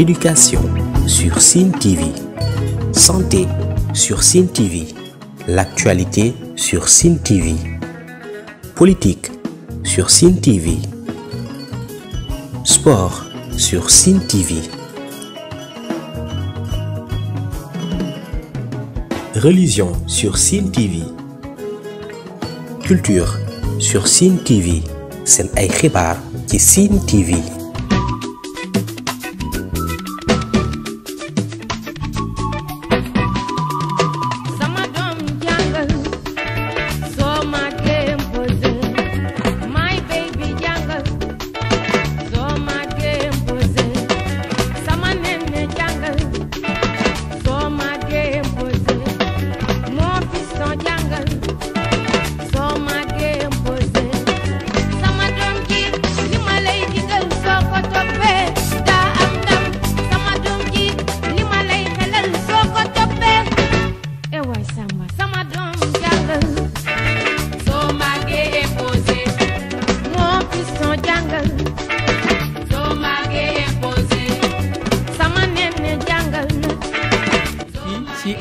Éducation sur Cine TV. Santé sur Cine TV. L'actualité sur Cine TV. Politique sur Cine TV. Sport sur Cine TV. Religion sur Cine TV. Culture sur Cine TV. C'est un écrit par Cine TV.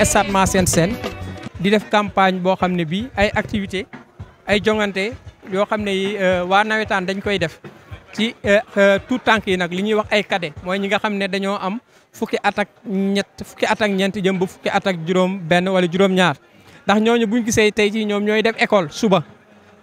stade seen Sène di def campagne boo xam ne bii ay activité ay jongante yoo xam ne yi euh, waa nawetaan dañ koy def ci euh, euh, tout tànk yi nag li ñuy wax ay cadet mooy ñi nga xam ne dañoo am fukki at ñett fukki at ñeent jëm ba fukki at ak juróom benn wala juróom ndax ñooñu buñ gisee tey ci ñoom ñooy def école suba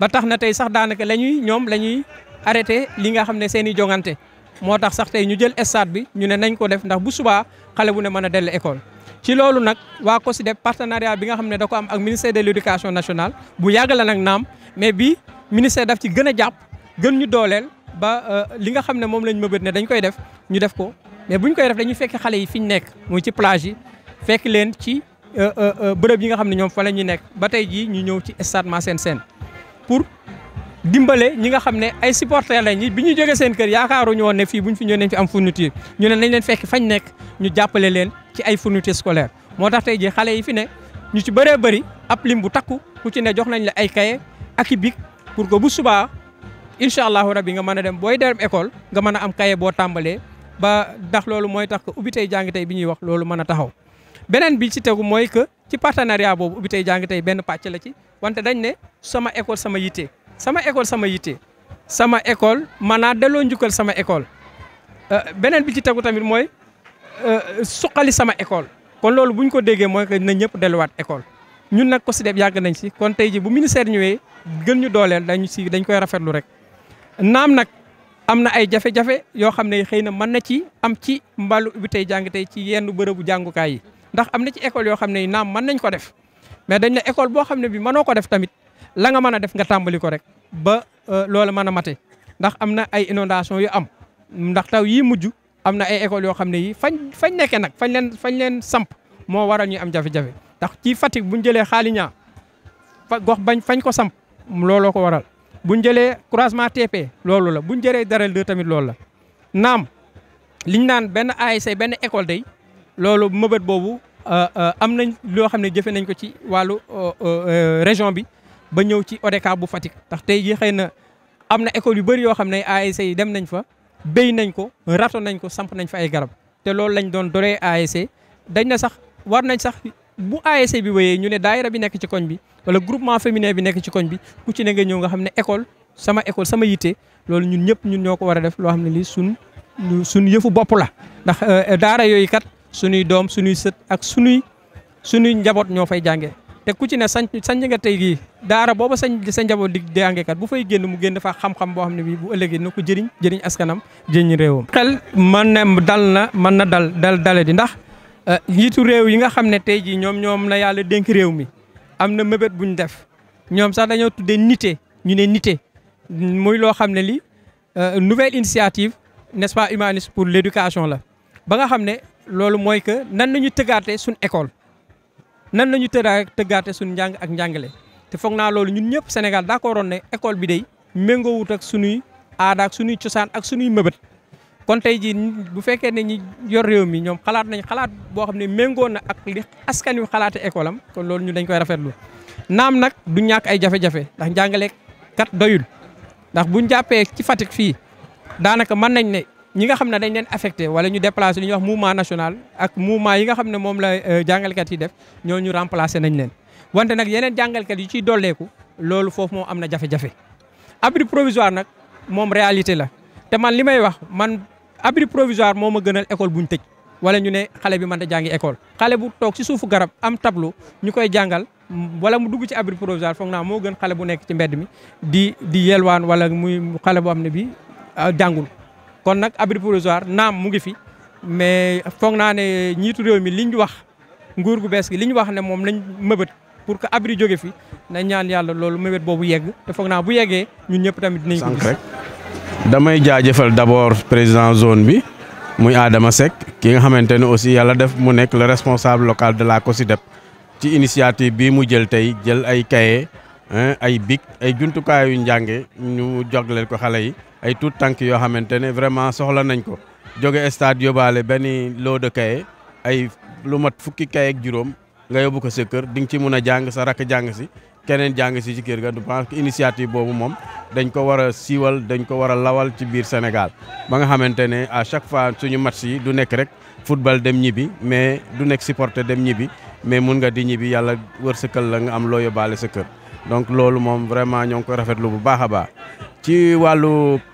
ba tax na tey sax daanaka lañuy ñoom la ñuy arrêté li nga xam ne seen i jongante moo tax sax tey ñu jël stade bi ñu ne nañ ko def ndax bu suba xale bu ne mën a dellu école ci loolu nag waa COSYDEP partenariat bi nga xam ne dako am ak ministère de l' éducation nationale bu yàgg nag naam mais bi ministère daf ci gën a jàpp gën ñu dooleel ba euh, li nga xam ne moom lañ mëbët ne dañu koy def ñu def ko mais bu ñu koy def dañu fekk xale yi fi ñu nekk muy ci plage yi fekk leen ci euh, euh, bërëb yi nga xam ne ñoom fa la ñuy nekk ba tey jii ñu ñëw ci stade Massène Sène pour dimbale ñi nga xam ne ay supporters lañ bi ñu jógee seen kër yaakaaruñu woon ne fii bu ñu fi ñëwee nañ fi am fourniture ñu ne nañ leen fekk fañ nekk ñu jàppale leen ci ay fournitures scolaires moo tax tey jii xale yi fi ne ñu ci bëree bëri ab lim bu takku ku ci ne jox nañ la ay kaye ak i bic pour que bu subaa incha allahu rabi nga mën a dem booy dem école nga mën a am kaye boo tàmbalee ba dax loolu mooy tax que ubbi tey bi ñuy wax loolu mën a taxaw beneen bi ci tegu mooy que ci partenariat boobu ubbi tey benn pàcc la ci wante dañ ne sama école sama yitte sama école sama yitte sama école mën naa delloo njukkal sama école euh, beneen bi ci tegu tamit mooy Euh, suqali sama école kon loolu bu ñu ko déggee mooy que nañ ñëpp delluwaat école ñun nag ko si def yàgg nañ si kon tey ji bu ministère ñëwee gën ñu dooleel dañu si dañ koy rafetlu rek naam nag am na ay jafe-jafe yoo xam ne xëy na mën na ci am ci mbalu bi tey jàng ci yenn bërëbu jàngukaay yi ndax am na ci école yoo xam ne naam mën nañ ko def mais dañ ne école boo xam ne bi mënoo ko def tamit la nga mën a def nga tàmbali ko rek ba euh, loola mën a mate ndax am na ay inondation yu am ndax taw yii mujj am na ay écoles yoo xam ne yi fañ fañ nekkee nag fañ leen fañ leen samp moo waral ñu am jafe-jafe ndax ci Fatick bu ñu jëlee xaaliñaa fa gox bañ fañ ko samp looloo ko waral bu ñu jëlee croisement TP loolu la bu ñu jëlee Darel 2 tamit loolu la naam liñ naan benn ASC benn école day loolu mëbët boobu euh, euh, am nañ loo xam ne jëfe nañ ko ci wàllu euh, région bi ba ñëw ci ODCAV bu Fatick ndax tey jii xëy na am na école yu bari yoo xam ne ASC yi dem nañ fa béy nañ ko rato nañ ko samp nañ fa ay garab te loolu lañ doon doree ASC dañ na sax war nañ sax bu ASC bi wéyee ñu ne daayira bi nekk ci koñ bi wala groupement féminin bi nekk ci koñ bi ku ci ne nga ñëw nga xam ne école sama école sama yitte loolu ñun ñëpp ñun ñoo ko war a def loo xam ne lii sun suñ yëfu bopp la ndax euh, daara yooyu kat suñuy doom suñuy sët ak suñuy suñuy njaboot ñoo fay jànge te ku ci ne sañ sañ nga tey gii daara booba sañ sa njaboot di jàngeekat bu fay génn mu génn fa xam-xam boo xam ne bii bu ëllëgee na ko jëriñ jëriñ askanam jëriñ réewam. xel man na dal na man na dal dal dale di ndax eh, njiitu réew yi nga xam ne tey jii ñoom ñoom na yàlla dénk réew mi am na mëbét bu ñu def ñoom sax dañoo tuddee nité ñu ne nité muy loo xam ne li eh, nouvelle initiative n'est-ce pas humaniste pour l'éducation la ba nga xam ne loolu mooy que nan nañu tëggaate suñu école. nan la ñu tëddaa rek tëggaate suñu njàng ak njàngale te foog naa loolu ñun ñëpp Sénégal d'accord woon ne école bi day méngoowut ak suñuy aada ak suñuy cosaan ak suñuy mëbët kon tey jii bu fekkee ne ñi yor réew mi ñoom xalaat nañ xalaat boo xam ne méngoo na ak li askan wi xalaate école am kon loolu ñu dañ koy rafetlu naam nag du ñaak ay jafe-jafe ndax njàngale kat doyul ndax buñ jàppee ci Fatick fii daanaka mën nañ ne ñi nga xam ne dañ leen affecté wala ñu déplacé li ñu wax mouvement national ak mouvement yi nga xam ne moom la euh, jàngalkat yi def ñoo ñu remplacé nañ leen wante nag yeneen jàngalkat yu ciy dolleeku loolu foofu moom am na jafe-jafe abri provisoire nag moom réalité la te man li may wax man abri provisoire moom ma gënal école bu ñu tëj wala ñu ne xale bi mën a jàngi école xale bu toog ci suufu garab am tableau ñu koy jàngal wala mu dugg ci abri provisoire foog naa moo gën xale bu nekk ci mbedd mi di di yelwaan wala muy xale boo xam ne bi ah, jàngul kon nag abri provisoire naam mu ngi fi mais foog naa ne ñiitu réew mi liñ wax nguur gu bees gi liñ wax ne moom lañ mëbët pour que abri jóge fi nañ ñaan yàlla loolu mëbët boobu yegg te foog naa bu yeggee ñun ñëpp tamit dinañ ko gis. damay jaajëfal d'abord président zone bi muy aadama Seck ki nga xamante ne aussi yàlla def mu nekk le responsable local de la COSYDEP ci initiative bi mu jël tey jël ay cahier ay bic ay jumtukaayu njànge ñu jogleel ko xale yi. ay tout tànk yoo xamante ne vraiment soxla nañ ko jóge stade baale benn lot de cahier ay lu mat fukki cahier ak juróom nga yóbbu ko sa kër di nga ci mun a jàng sa rakk jàng si keneen jàng si ci kër ga du pense que initiative boobu moom dañ ko war a siiwal dañ ko war a lawal ci biir Sénégal ba nga xamante ne à chaque fois suñu match yi du nekk rek football dem ñibbi mais du nekk supporter dem ñibbi mais mun nga di ñibbi yàlla wërsëgal la nga am loo yóbbaale sa kër donc loolu moom vraiment ñoo ngi ko rafetlu bu baax a baax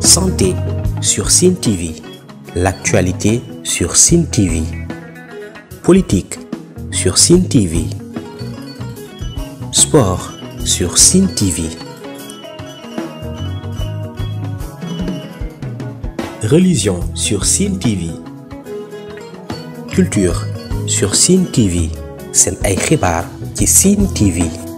Santé sur TV L'actualité sur TV Politique sur TV Sport sur TV Religion sur TV Culture sur CineTV. TV C'est xibaar ci Cine TV